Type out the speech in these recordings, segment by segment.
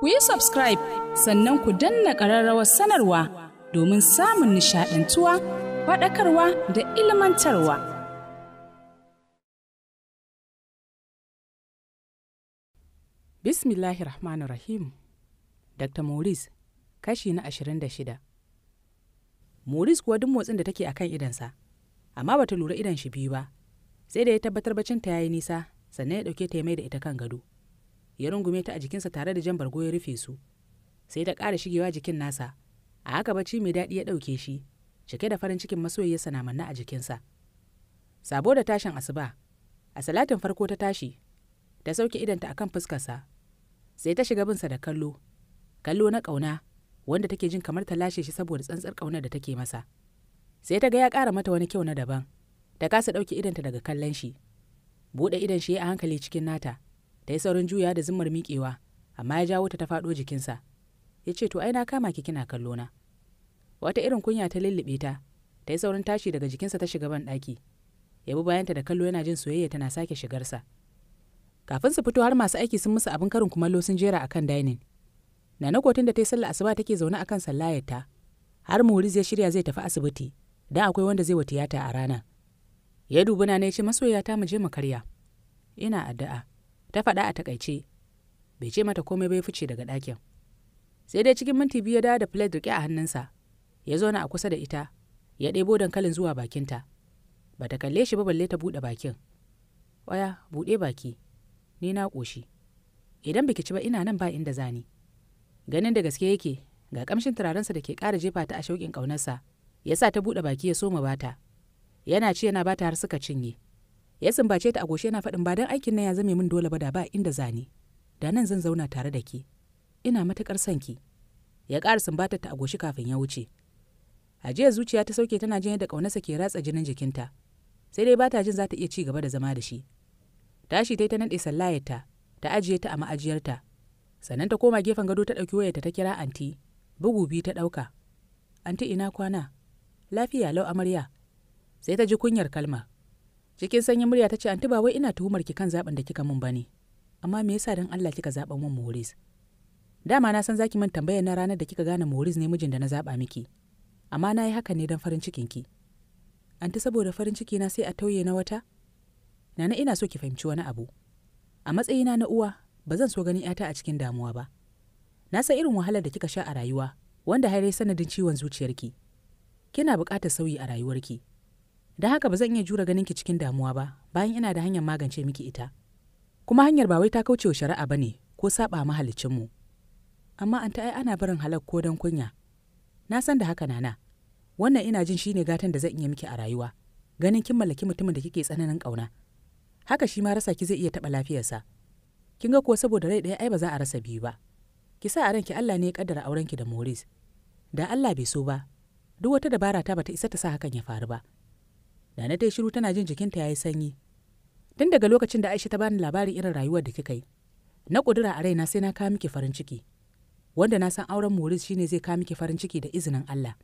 ku yi subscribe sannan ku danna ƙararrawar sanarwa domin samun nishaɗantuwa faɗakarwa da ilmantarwa. Bismillahir Rahmanir Rahim Dr. Maurice kashi na 26 Maurice kuwa duk motsin da take akan idansa, amma bata lura idan shi biyu ba, sai da ya tabbatar bacinta ya yi nisa sannan ya ɗauke ta ya mai da ita kan gado. ya rungume ta a jikinsa tare da jan bargo ya rufe su sai ta ƙara shigewa jikin nasa a haka bacci mai daɗi ya ɗauke shi cike da farin cikin masoyiyarsa na manna a jikinsa sabo da tashin asuba a salatin farko ta tashi ta sauke idanta akan fuskarsa sai ta shiga binsa da kallo kallo na ƙauna wanda take jin kamar ta lashe shi saboda tsantsar ƙaunar da take masa sai ta ga ya ƙara mata wani kyau na daban ta kasa ɗauke idanta daga kallon shi buɗe idan shi a hankali cikin nata ta yi saurin juya da zimmar miƙewa amma ya jawo ta ta faɗo jikinsa ya ce to ai na kama ki kina kallo na wata irin kunya ta lullube ta ta yi saurin tashi daga jikinsa ta shiga ban ɗaki ya bi bayanta da kallo yana jin soyayya tana sake shigarsa kafin su fito har masu aiki sun musu abin karin kumallo sun jera akan dainin nana kotun da ta yi sallah asuba take zaune akan sallayarta har muriz ya shirya zai tafi asibiti dan akwai wanda zai wa tiyata a rana ya dubi na ya ce masoyata mu je mu karya ina addu'a ta faɗa a takaice bai ce mata komai bai fice daga ɗakin sai dai cikin minti biyu ya dawo da plate riƙe a hannunsa ya zauna a kusa da ita ya ɗebo dankalin zuwa bakinta ba ta kalle shi ba balle ta buɗe bakin waya buɗe baki ni na ƙoshi idan biki ci ba ina nan ba inda zani ganin da gaske yake ga ƙamshin turarensa da ke ƙara jefa ta a shauƙin ƙaunarsa ya sa ta buɗe baki ya soma bata yana ci yana bata har suka cinye ya sumbace ta a goshe yana faɗin ba don aikin nan ya zame min dole ba da ba inda zani da nan zan zauna tare da ki ina matukar son ki ya ƙara sumbatar ta a goshi kafin ya wuce a zuciya ta sauke tana jin yadda ƙaunarsa ke ratsa jinin jikinta sai dai bata jin za ta iya ci gaba da zama da shi tashi ta yi ta naɗe sallayarta ta ajiye ta a ma'ajiyarta sannan ta koma gefen gado ta ɗauki wayarta ta kira anti bugu biyu ta ɗauka anti ina kwana lafiya lau amarya sai ta ji kunyar kalma cikin sanyin murya ta ce anti ba wai ina tuhumar ki kan zaben da kika min bane amma me yasa dan Allah kika zaben min Maurice dama na san zaki min tambayar na ranar da kika gane Maurice ne mijin da na zaba miki amma na yi haka ne dan farin cikin ki anti saboda farin ciki na sai a tauye na wata nana ina so ki fahimci wani abu a matsayina na uwa ba zan so ganin yata a cikin damuwa ba na san irin wahalar da kika sha a rayuwa wanda har sanadin ciwon zuciyarki kina buƙatar sauyi a rayuwarki da haka ba zan iya jura ganin ki cikin damuwa ba bayan ina da hanyar magance miki ita kuma hanyar ba wai ta kauce wa shari'a ba ne, ko saba mahaliccin mu amma an ta ai ana barin halak ko dan kunya na san da haka nana wannan ina jin shine gatan da zan iya miki a rayuwa ganin kin mallaki mutumin da kike tsananin ƙauna. haka shi ma rasa ki zai iya taba lafiyarsa kin ga kuwa saboda rai ɗaya ai ba za a rasa biyu ba ki sa a ranki Allah ne ya kaddara aurenki da Maurice da Allah bai so ba duk wata dabara ta bata isa ta sa hakan ya faru ba Nana ta shiru tana jin jikinta ya yi sanyi. Tun daga lokacin da Aisha ta bani labarin irin rayuwar da kika yi, na ƙudura a raina sai na kawo miki farin ciki. Wanda na san auren Moris shine zai kawo miki farin ciki da izinin Allah.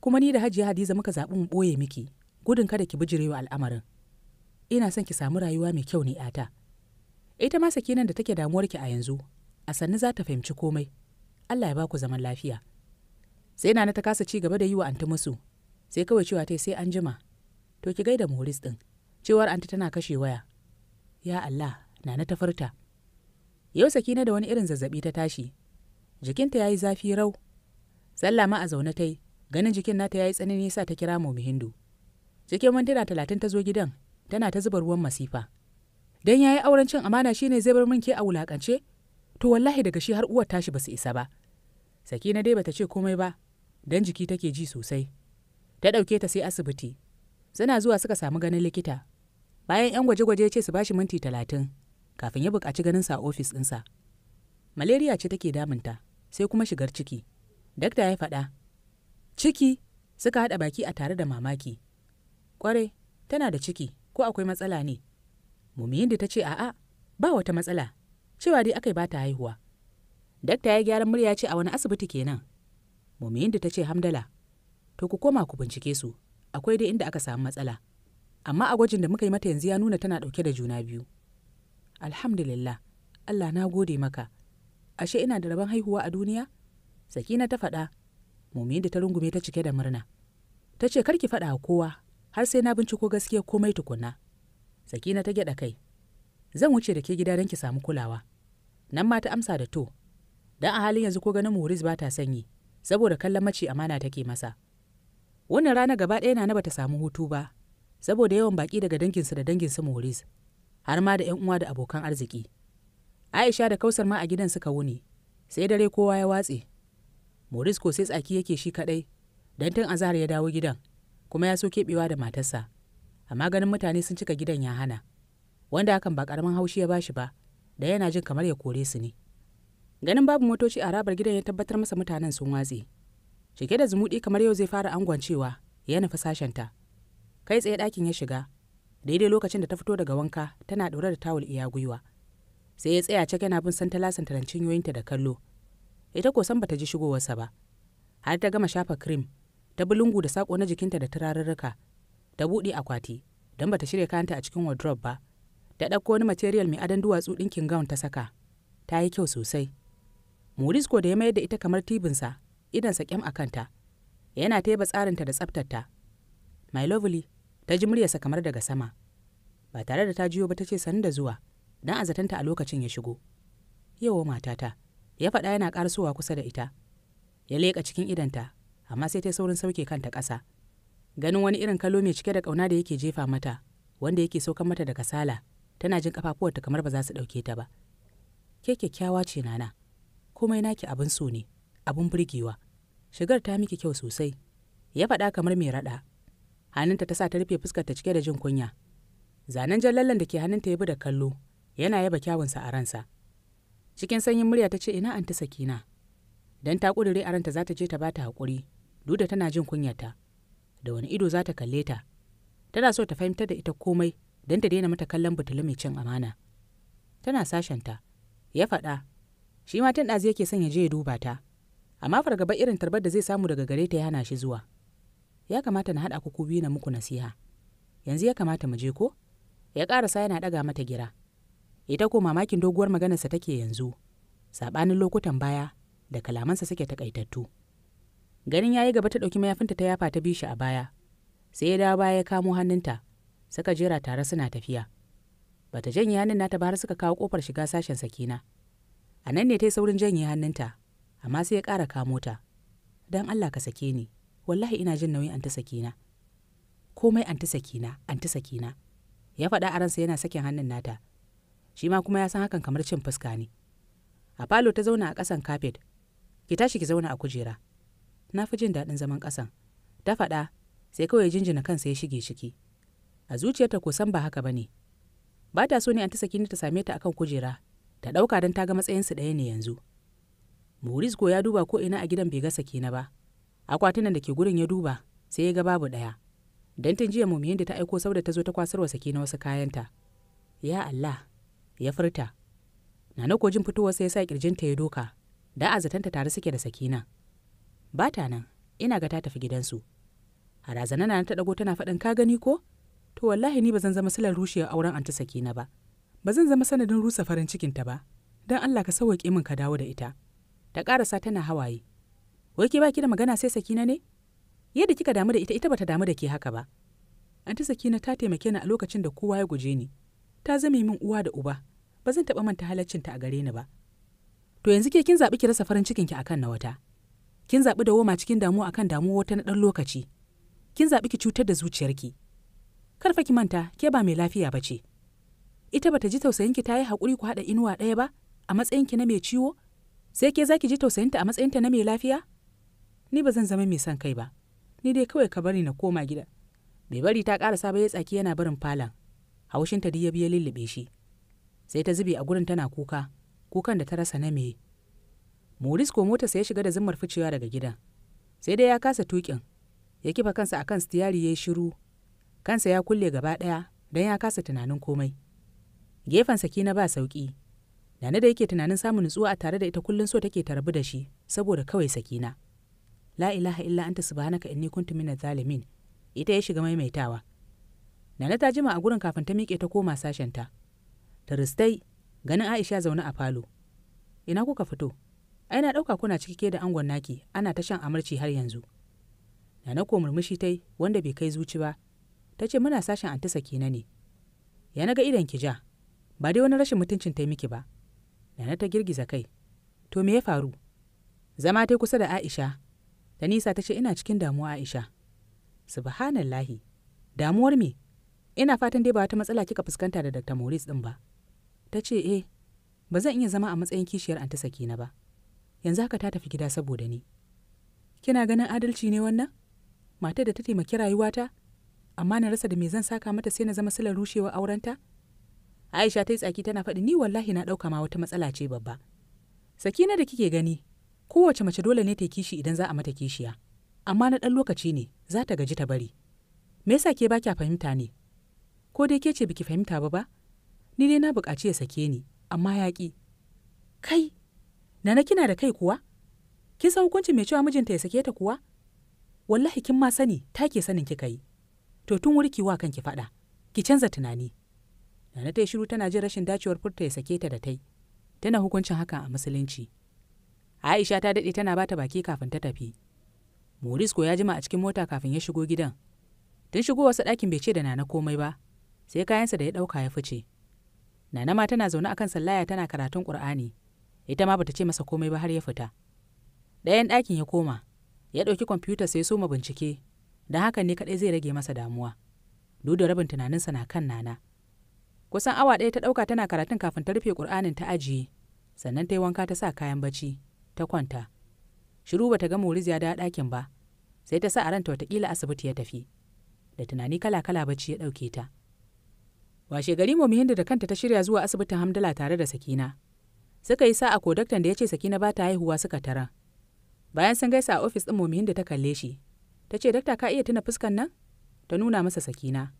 Kuma ni da Hajiya Hadiza muka zaɓi mu ɓoye miki, gudun kada ki wa al'amarin. Ina son ki samu rayuwa mai kyau ne ata. Ita ma nan da take ki a yanzu, a sannu za ta fahimci komai. Allah ya ba ku zaman lafiya. Sai na ta kasa ci gaba da yi wa anti musu, sai kawai cewa ta sai an jima to ki gaida moris din. cewar anti tana kashe waya ya Allah na na tafarta yau sakina da wani irin zazzabi ta tashi jikinta yayi zafi rau sallah ma a zaune ta ganin jikin nata ya yi tsanani sa ta kira mu hindu cikin mintuna talatin ta zo gidan tana ta zuba ruwan masifa dan yayi yi auren cin amana shine zai bar min ke a wulakance to wallahi daga shi har uwar tashi ba su isa ba sakina dai bata ce komai ba dan jiki take ji sosai ta ɗauke ta sai asibiti suna zuwa suka samu ganin likita bayan 'yan gwaje-gwaje ce su bashi minti talatin kafin ya buƙaci ganin sa ofis ɗinsa malaria ce take damunta sai kuma shigar ciki dakta ya faɗa ciki suka haɗa baki a tare da mamaki ƙwarai tana da ciki ko akwai matsala ne mumiyinda ta ce a'a ba wata matsala cewa dai aka ba ta haihuwa dakta ya gyaran murya ce a wani asibiti kenan mumiyinda ta ce hamdala to ku koma ku bincike su akwai dai inda aka samu matsala amma a gwajin da muka yi mata yanzu ya nuna tana dauke da juna biyu alhamdulillah allah na gode maka ashe ina da rabon haihuwa a duniya sakina ta faɗa mumi da ta rungume ta cike da murna ta ce karki faɗa a kowa har sai na binciko gaskiya komai tukunna sakina ta gyaɗa kai zan wuce da ke gida don ki samu kulawa nan ma ta amsa da to dan a halin yanzu ko ganin muris ba ta sanyi saboda kallon mace amana take masa wannan rana gaba ɗaya nana bata samu hutu ba saboda yawan baƙi daga danginsa da danginsa moris har ma da 'yan uwa da abokan arziki aisha da kausar ma a gidan suka wuni sai dare kowa ya watse moris ko sai tsaki yake shi kaɗai don tun azahar ya dawo gidan kuma ya so keɓewa da matarsa amma ganin mutane sun cika gidan ya hana wanda hakan ba karamin haushi ya bashi ba da yana jin kamar ya kore su ne ganin babu motoci a rabar gidan ya tabbatar masa mutanen sun watse cike da zumuɗi kamar yau zai fara angon cewa ya nufi sashenta kai tsaye ɗakin ya shiga daidai lokacin da ta fito daga wanka tana ɗaure da tawul iya gwiwa sai ya tsaya cak yana bin lasanta rancin yoyinta da kallo ita ko san bata ji shigowarsa ba har ta gama shafa cream ta bulungu da sako na jikinta da turarurruka ta buɗe akwati don bata shirya kayanta a cikin wardrobe ba ta ɗauko wani material mai adon duwatsu ɗinkin gown ta saka ta yi kyau sosai Moris ko da ya mayar da ita kamar tibinsa idansa kyam a kanta yana teba tsarinta da tsaftarta my lovely ta ji muryarsa kamar daga sama ba tare da ta jiyo ba ta ce sanin da zuwa dan azatanta a lokacin ya shigo yawa matata ya faɗa yana ƙarasowa kusa da ita ya leƙa cikin idanta amma sai ta saurin sauke kanta ƙasa ganin wani irin kalo mai cike da ƙauna da yake jefa mata wanda yake saukan mata da kasala tana jin ƙafafuwarta kamar ba za su ɗauke ta ba ke kyakkyawa ce nana komai naki abin so ne abin burgewa shigar ta miki kyau sosai ya faɗa kamar mai raɗa hannunta ta sa ta rufe fuskar ta cike da jin kunya zanen jallallan da ke hannunta ya bi da kallo yana yaba kyawunsa a ransa cikin sanyin murya ta ce ina an ta sakina dan ta ƙudure a ranta za ta je ta bata haƙuri duk da tana jin kunyarta da wani ido za ta kalle ta tana so ta fahimtar da ita komai don ta daina mata kallon butulu mai cin amana tana sashenta ya faɗa shi ma tun ɗazu yake son ya je ya duba ta amma fargaba irin tarbar da zai samu daga gare ta ya hana shi zuwa ya kamata na haɗa kuku biyu na muku nasiha yanzu ya kamata mu je ko ya ƙarasa yana daga mata gira ita ko mamakin doguwar maganarsa take yanzu saɓanin lokutan baya da kalamansa suke takaitattu ganin ya yi gaba ta ɗauki mayafinta ta yafa ta bi shi a baya sai ya dawo baya ya kamo hannunta suka jera tare suna tafiya bata janye hannun nata ba har suka kawo ƙofar shiga sashen sakina a nan ne ta yi saurin janye hannunta amma sai ya ƙara kamo mota. don allah ka sake ni wallahi ina jin nauyin anta sakina komai anta sakina anta sakina ya faɗa a ransa yana sakin hannun nata shi ma kuma ya san hakan kamar cin fuska ne a falo ta zauna a ƙasan kafet ki tashi ki zauna a kujera na fi jin daɗin zaman ƙasan ta faɗa sai kawai jinjina kansa ya shige ciki a zuciyarta ko san ba haka ba ne ba ta so ne an ta sakini ta same ta akan kujera ta ɗauka don ta ga matsayinsu ɗaya ne yanzu Boris ko ya duba ko ina a gidan bai ga Sakina ba. Akwatunan da ke gurin ya duba sai ya ga babu ɗaya. Dan tun jiya mumiyin da ta aiko sauda ta zo ta kwasarwa Sakina wasu kayanta. Ya Allah, ya furta. Nana ko jin fitowar sai ya sa kirjinta ya doka. Da a azatanta tare suke da Sakina. Ba ta nan, ina ga ta tafi gidansu. A razana na ta dago tana faɗin ka gani ko? To wallahi ni ba zan zama silar rushewa auren anti Sakina ba. Ba zan zama sanadin rusa farin cikinta ba. don Allah ka sauwaƙe min ka dawo da ita. ta ƙarasa tana hawaye wai ke baki da magana sai sakina ne yadda kika damu da ita ita bata damu da ke haka ba anti sakina ta taimake ni a lokacin da kowa ya guje ni ta zame min uwa da uba ba zan taɓa manta ta a gare ni ba to yanzu ke kin zaɓi ki rasa farin cikinki akan na wata kin zaɓi dawoma cikin damuwa akan damuwa wata na ɗan lokaci kin zaɓi ki cutar da zuciyarki karfa ki manta ke ba mai lafiya ba ce ita bata ji tausayin ki ta yi haƙuri ku haɗa inuwa ɗaya ba a matsayin ki na mai ciwo sai ke za ki ji tausayinta a matsayinta na mai lafiya ni ba zan zama mai son kai ba ni dai kawai ka bari na koma gida bai bari ta ƙara sabai ya tsaki yana barin falon haushinta duk ya biya lullube shi sai ta zube a gurin tana kuka kukan da ta rasa na meye moris ko sai ya shiga da zimmar ficewa daga gidan sai dai ya kasa tukin ya kifa kansa akan stiyari ya yi shiru kansa ya kulle gaba ɗaya don ya kasa tunanin komai gefensa na ba sauƙi Nana da yake tunanin samun nutsuwa a tare da ita kullum so take ta da shi saboda kawai sakina. La ilaha illa anta subhanaka inni kuntu minaz zalimin. Ita ya shiga maimaitawa. Nana ta jima a gurin kafin ta miƙe ta koma sashen ta. Taristai ganin Aisha zaune a falo. Ina kuka fito? Ai na ɗauka kuna ciki ke da angon naki ana ta shan amurci har yanzu. Nana ko murmushi tai wanda bai kai zuci ba. Ta ce muna sashen anti sakina ne. Ya naga idan ki ja. Ba dai wani rashin mutuncin ta miki ba. Nana ta girgiza kai. To me ya faru? Zama ta kusa da Aisha. Tanisa ta ce ina cikin damuwa Aisha. Subhanallahi. Damuwar me? Ina fatan dai ba wata matsala kika fuskanta da Dr. Maurice din ba. Ta ce eh, ba zan iya zama a matsayin kishiyar Anta na ba. Yanzu haka ta tafi gida saboda ni. Kina ganin adalci ne wannan? Matar da ta taimaki rayuwata? Amma na rasa da me zan saka mata sai na zama silar rushewar aurenta? aisha ta yi tsaki tana faɗi ni wallahi na ɗauka ma wata matsala ce babba sakina da kike gani kowace mace dole ne ta kishi idan za a mata kishiya amma na ɗan lokaci ne za ta gaji ta bari me yasa ke ba baki fahimta ne ko dai ke ce biki fahimta ba ba ni dai na buƙaci ya sake ni amma ya ƙi kai na kina da kai kuwa kin san hukunci mai cewa mijinta ya sake ta kuwa wallahi kin ma sani take sanin kika yi to tun wuri ki wa kanki faɗa ki canza tunani Nana ta yi shiru tana jin rashin dacewar furta ya sake ta da tai. Tana hukuncin hakan a musulunci. Aisha ta daɗe tana bata baki kafin ta tafi. Moris ko ya jima a cikin mota kafin ya shigo gidan. Tun shigo wasu ɗakin bai ce da Nana komai ba, sai kayansa da ya ɗauka ya fice. Nana ma tana zaune akan sallaya tana karatun Ƙur'ani. Ita ma bata ce masa komai ba har ya fita. Ɗayan ɗakin ya koma, ya ɗauki kwamfuta sai soma bincike, don haka ne kaɗai zai rage masa damuwa. Duk da rabin tunaninsa na kan Nana. kusan awa ɗaya ta ɗauka tana karatun kafin ta rufe ƙur'anin ta ajiye sannan ta yi wanka ta sa kayan bacci ta kwanta shiru ba ta ga moriz ya dawo ɗakin ba sai ta sa a ranta watakila asibiti ya tafi da tunani kala kala bacci ya ɗauke ta washe gari mu da kanta ta shirya zuwa asibitin hamdala tare da sakina suka yi sa'a ko daktan da ya ce sakina ba ta haihuwa suka tara bayan sun gaisa a ofis ɗin mu hindu ta kalle shi ta ce dakta ka iya tuna fuskan nan ta nuna masa sakina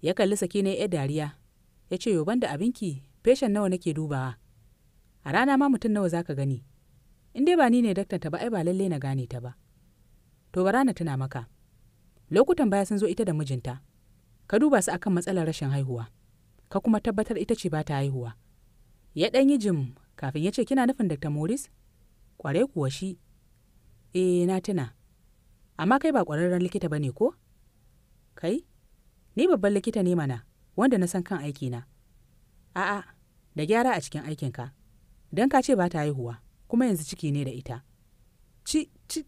ya kalli sakina ya dariya ya ce yoban da abinki feshen nawa nake dubawa a rana ma mutum nawa zaka gani in dai ba ni ne daktar ta ba ai ba lalle na gane ta ba to bara na tuna maka lokutan baya sun zo ita da mijinta ka duba su akan matsalar rashin haihuwa ka kuma tabbatar ita ce ba ta haihuwa ya ɗan yi jim kafin ya ce kina nufin dr morris kwarai kuwa shi eh na tuna amma kai ba ƙwararren likita ba ne ko kai ni babban likita ne mana wanda na san kan aikina a'a da gyara a cikin aikinka don ka ce ba ta haihuwa kuma yanzu ciki ne da ita ci ci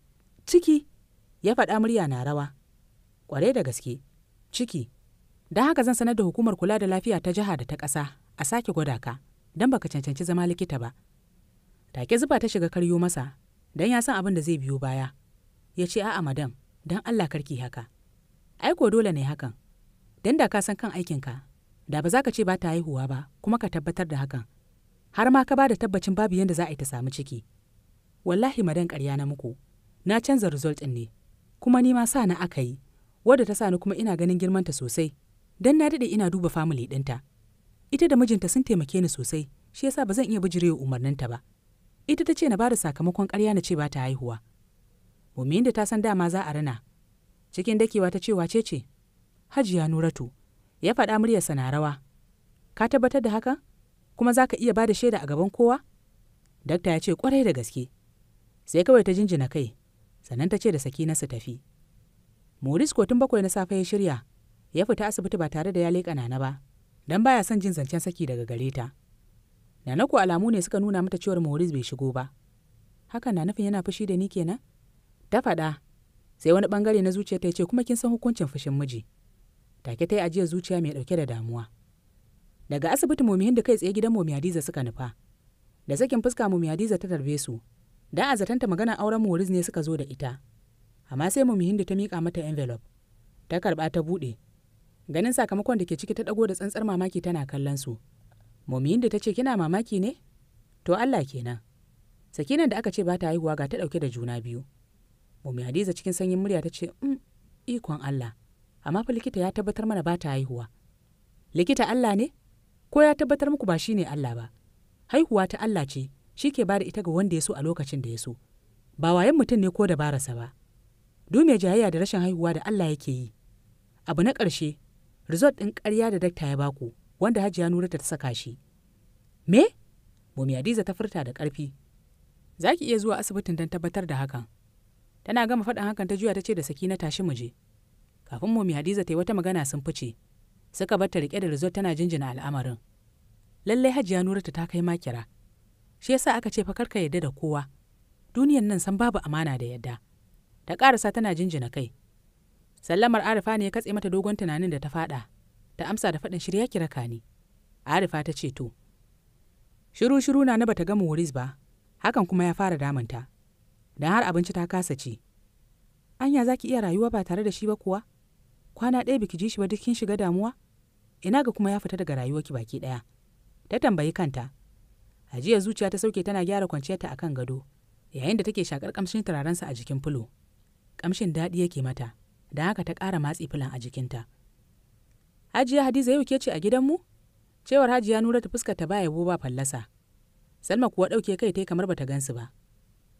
ciki ya faɗa murya na rawa ƙwarai da gaske ciki don haka zan sanar da hukumar kula da lafiya ta jiha da ta ƙasa a sake gwada ka don baka cancanci zama likita ba take zuba ta shiga karyo masa don ya san abin da zai biyo baya ya ce a'a madam don allah karki haka aiko dole ne hakan don da ka san kan aikinka da ba za ka ce ba ta haihuwa ba kuma ka tabbatar da hakan har ma ka ba da tabbacin babu yadda za a yi ta samu ciki wallahi madan ƙarya na muku na canza result ɗin ne kuma ni ma sa na aka yi wadda ta sa ni kuma ina ganin girmanta sosai don na daɗe ina duba family ɗinta ita da mijinta sun taimake ni sosai shi yasa ba zan iya bijirewa umarninta ba ita ta ce na bada sakamakon ƙarya na ce ba ta haihuwa Umin da ta san dama za a rana cikin dakewa ta ce wace ce hajiya nuratu ya faɗa muryarsa na rawa ka tabbatar da haka kuma za ka iya ba da shaida a gaban kowa dakta ya ce kwarai da gaske sai kawai ta jinjina kai sannan ta ce da sakina su tafi moris tun bakwai na safe ya shirya ya fita asibiti ba tare da ya leƙa nana ba don baya son jin zancen saki daga gare ta nana ko alamu ne suka nuna mata cewar moris bai shigo ba hakan na nufin yana fushi da ni kenan ta faɗa sai wani bangare na zuciyarta ya ce kuma kin san hukuncin fushin miji take ta yi ajiyar zuciya mai dauke da damuwa daga asibiti momi hindu kai tsaye gidan momi hadiza suka nufa da sakin fuska momi hadiza ta tarbe su da a zatanta magana auren moriz ne suka zo da ita amma sai momi hindu ta mika mata envelope ta karba ta buɗe ganin sakamakon da ke ciki ta ɗago da tsantsar mamaki tana kallon su momi hindu ta ce kina mamaki ne to allah kenan sakinan da aka ce ba ta haihuwa ga ta dauke da juna biyu momi hadiza cikin sanyin murya ta ce mm, ikon allah amma fa likita ya tabbatar mana ba ta haihuwa likita Allah ne ko ya tabbatar muku ba shine Allah ba haihuwa ta Allah ce shi ke ba da ita ga wanda ya so a lokacin da ya so ba wayan mutum ne ko barasa ba du mai jayayya da rashin haihuwa da Allah yake yi abu na ƙarshe result ɗin ƙarya da dakta ya baku wanda hajiya nura ta saka shi me Hadiza ta furta da ƙarfi za ki iya zuwa asibitin don tabbatar da hakan tana gama faɗin hakan ta juya ta ce da sakina tashi mu je kafin mumi hadiza ta yi wata magana sun fice suka bar ta rike da rizo tana jinjina al'amarin lallai hajiya nurata ta kai makira shi yasa aka ce fa ka yadda da kowa duniyan nan san babu amana da yadda ta karasa tana jinjina kai sallamar arifa ne ya katse mata dogon tunanin da ta fada ta amsa da faɗin shirya kira ka ni arifa ta ce to shiru shiru na na bata gama wuris ba hakan kuma ya fara damunta dan har abinci ta kasa ci anya zaki iya rayuwa ba tare da shi ba kuwa kwana ɗaya biki ji shi ba duk kin shiga damuwa ina ga kuma ya fita daga rayuwarki baki ɗaya ta tambayi kanta ajiya zuciya ta sauke tana gyara kwanciyarta akan gado yayin da take shakar kamshin turarensa a jikin fulo kamshin daɗi yake mata don haka ta ƙara matsi filan a jikinta hajiya hadiza yau ke ce a gidanmu cewar hajiya nura ta fuskar ta baya ba fallasa salma kuwa ɗauke kai ta kamar bata gansu ba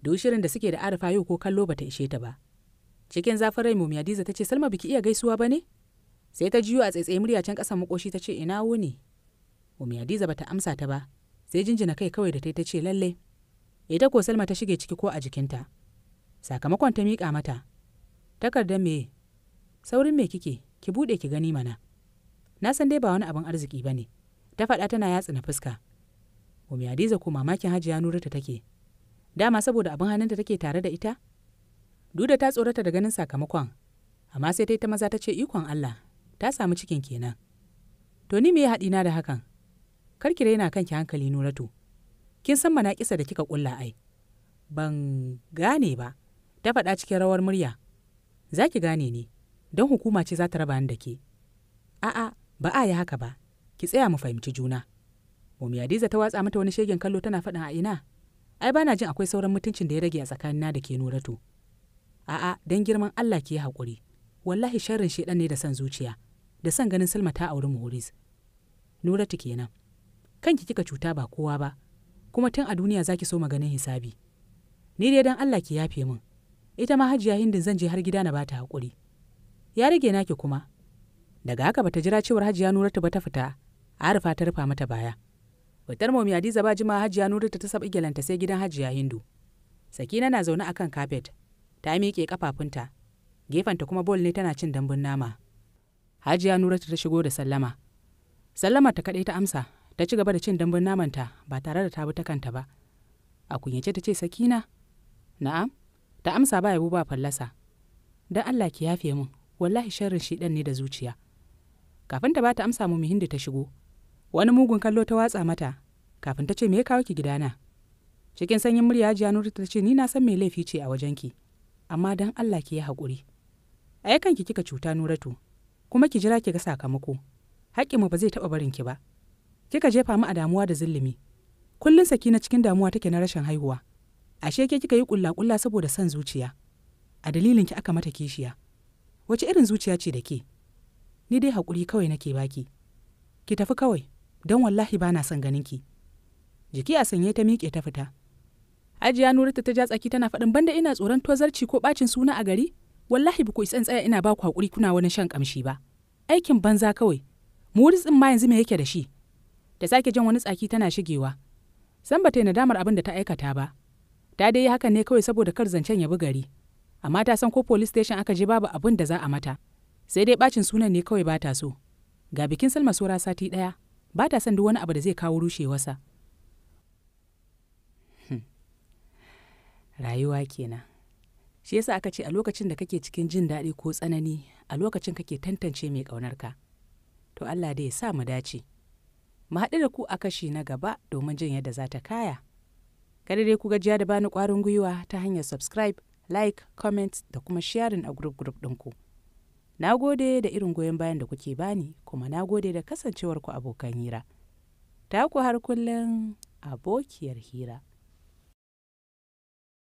duk shirin da suke da arfa yau ko kallo bata ishe ta ba cikin zafin rai mumi hadiza ta ce salma biki iya gaisuwa ba ne sai ta jiyo a tsaitsaye murya can kasan makoshi ta ce ina wuni mumi ba ta amsa ta ba sai jinjina kai kawai da ta ta ce lallai. ita ko salma ta shige ciki ko a jikinta sakamakon ta miƙa mata takardar me saurin me kike ki buɗe ki gani mana na san dai ba wani abin arziki ba ne ta faɗa tana yatsa na fuska Umi Hadiza ko mamakin Hajiya Nura ta take. Dama saboda abin hannunta take tare da ita, duda ta tsorata da ganin sakamakon amma sai ta yi ta maza ta ce ikon allah ta samu cikin kenan to ni me ya na da hakan kar ki raina kanki hankali nuratu kin san mana kisa da kika kulla ai ban gane ba ta faɗa cikin rawar murya za ki gane ni don hukuma ce za ta raba ni da ke a'a ba a yi haka ba ki tsaya mu fahimci juna adiza ta watsa mata wani shegen kallo tana faɗin a ina ai bana jin akwai sauran mutuncin da ya rage a tsakanina da ke nuratu. a'a don girman Allah ki haƙuri wallahi sharrin shedan ne da san zuciya da san ganin Salma ta auri Muhuriz Nuratu kenan kanki kika cuta ba kowa ba kuma tun a duniya zaki so maganin hisabi ni dai dan Allah ki yafe min ita ma Hajiya Hindin zan je har gida na bata haƙuri ya rage naki kuma daga haka bata jira cewar Hajiya Nuratu ba ta fita rufa ta rufa mata baya Fitar Momi Hadiza ba jima Hajiya Nuratu ta saba gelanta sai gidan Hajiya Hindu Sakina na zaune akan kafet ta miƙe ƙafafunta gefenta kuma bol ne tana cin dambun nama hajiya nura ta shigo da sallama sallama ta kaɗai ta amsa ta ci gaba da cin dambun namanta ba tare da ta bi ta kanta ba a kunyace ta ce sakina na'am ta amsa ba yabo ba fallasa dan Allah ki yafe mun wallahi sharrin shi ne da zuciya kafin ta ba ta amsa mu muhindi ta shigo wani mugun kallo ta watsa mata kafin ta ce me ya kawo ki gidana cikin sanyin murya hajiya nuru ta ce ni na san me laifi ce a ki. amma don Allah ki yi haƙuri a yakan ki kika cuta nuratu kuma ki jira ki ga sakamako mu ba zai taɓa barin ki ba kika jefa mu a damuwa da kullum Saki na cikin damuwa take na rashin haihuwa ashe ke kika yi ƙulla-ƙulla saboda son zuciya a dalilin ki aka mata kishiya wace irin zuciya ce da ke ni dai haƙuri kawai nake baki ki tafi kawai don wallahi ba na son ganin ki jiki a sanye ta miƙe ta fita ajiya nurita ta ja tsaki tana faɗin banda ina tsoron tozarci ko bacin suna a gari wallahi ba ku isan tsaya ina ba ku hakuri kuna wani shan kamshi ba aikin banza kawai muris din ma yanzu me yake da shi da sake jan wani tsaki tana shigewa san ba ta yi nadamar abin da ta aikata ba ta dai yi hakan ne kawai saboda kar zancen ya bi gari amma ta san ko police station aka je babu abin da za a mata sai dai bacin sunan ne kawai ba ta so ga bikin salma sora sati ɗaya ba ta son duk wani abu da zai kawo rushewarsa. rayuwa kenan shi yasa aka ce a lokacin da kake cikin jin daɗi ko tsanani a lokacin kake tantance mai ƙaunarka to allah dai ya sa mu dace mu haɗu da ku a kashi na gaba domin jin yadda za ta kaya kada dai ku gajiya da bani ƙwarin gwiwa ta hanyar subscribe like comment da kuma sharing a group group ɗinku na gode da irin goyon bayan da kuke bani kuma na gode da kasancewarku abokan hira ta ku har kullum abokiyar hira